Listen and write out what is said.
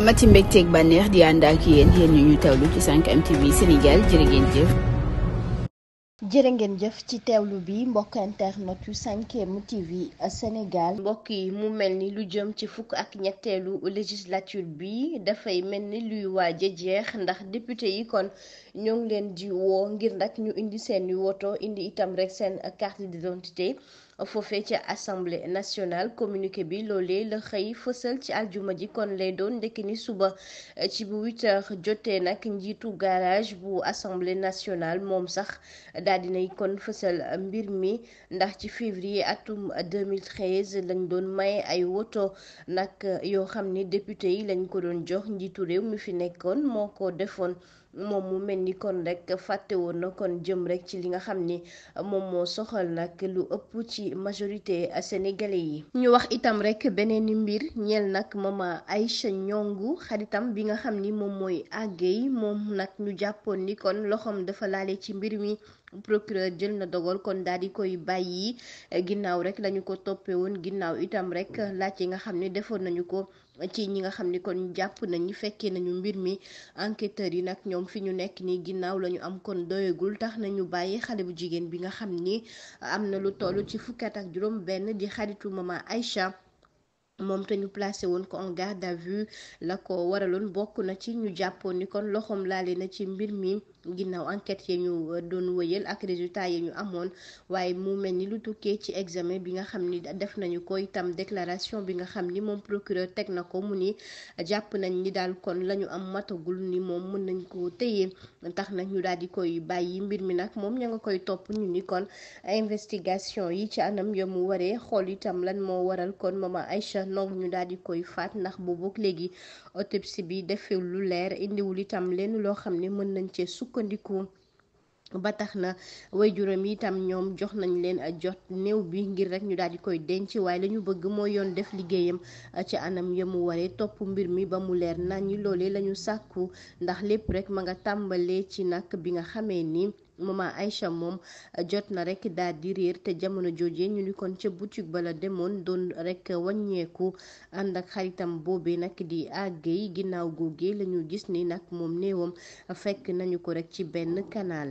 amati mbégteeg bànneex di ànd ak yéen ñu teewlu ci 5M TV Sénégal jërë ngeen jëf. ci teewlu bi mbokk internet yu 5M TV Sénégal mbokk yi mu mel ni lu jëm ci fukk ak ñetteelu législature bi dafay mel ni luy waaj jeex ndax député yi kon ñoo ngi leen di woo ngir nag ñu indi seen woto indi itam rek seen carte d'identité foofe ci assemblée nationale communiqué bi loolee la xëy fësal ci aljuma ji kon lay doon ndekki suba eh, ci bu huit heures jotee nag njiitu garage bu assemblée nationale moom sax daal dinay kon fësal mbir mi ndax ci février atum 2013 lañ doon may ay woto nag eh, yoo xam ni député yi lañ ko doon jox njiitu réew mi fi nekkoon moo ko defoon moom mu mel ni kon rek fàtte woon na kon jëm rek ci li nga xam ni moom moo soxal nag lu ëpp ci majorité sénégalais yi ñu wax itam rek beneen mbir ñeel nag mama Aïcha Ñongu xaritam bi nga xam ni moom mooy àggee moom nag ñu jàppoon ni kon loxoom dafa laale ci mbir mi procureur jël na dogal kon daal koy bàyyi eh, ginnaaw rek lañu ko toppee woon ginnaaw itam rek laaj yi nga xam ne defoon nañu ko ci ñi nga xam ni kon jàpp nañu fekkee nañu mbir mi enquêteurs yi nag ñoom fi ñu nekk nii ginnaaw la am kon doyagul tax nañu bàyyi xale bu jigéen bi nga xam ni am na lu toll ci fukki ak juróom benn di xaritu maman Aïcha moom te ñu woon ko en garde à vue la ko waraloon bokk na ci ñu jàppoon ni kon loxoom laale na ci mbir mi ginnaaw enquête yi ñu euh, doon wëyal ak résultat yi ñu amoon waaye mu mel ni lu tukkee ci examen bi nga xam ni def nañu ko itam déclaration bi nga xam ni moom procureur teg na ko mu ni jàpp nañ ni daal kon la ñu am matagul ni moom mën nañ ko téye tax nag ñu daal di koy bàyyi mbir mi nag moom ña nga koy topp ñu ni kon investigation yi ci anam ya mu waree xool itam lan moo waral kon mama Aïcha Ndong ñu daal di koy faat ndax boobu léegi autopsie bi lu leer indiwul itam leen loo xam ne mën nañ cee sukk sukkandiku ba tax na waajuram yi itam ñoom jox nañu leen a jot néew bi ngir rek ñu daal di koy denc waaye la bëgg moo yoon def liggéeyam ci anam ya mu waree topp mbir mi ba mu leer nañ loole lañu sàkku ndax lépp rek ma nga tàmbalee ci nag bi nga xamee ni. ay Aïcha moom euh, jot na rek daal di réer te jamono joojee ñu ni kon ca boutique ba la demoon doon rek wàññeeku ànd ak xaritam boobee nag di àggee ginnaaw googee lañu gis ni nag moom néewam fekk nañu ko rek ci benn kanaal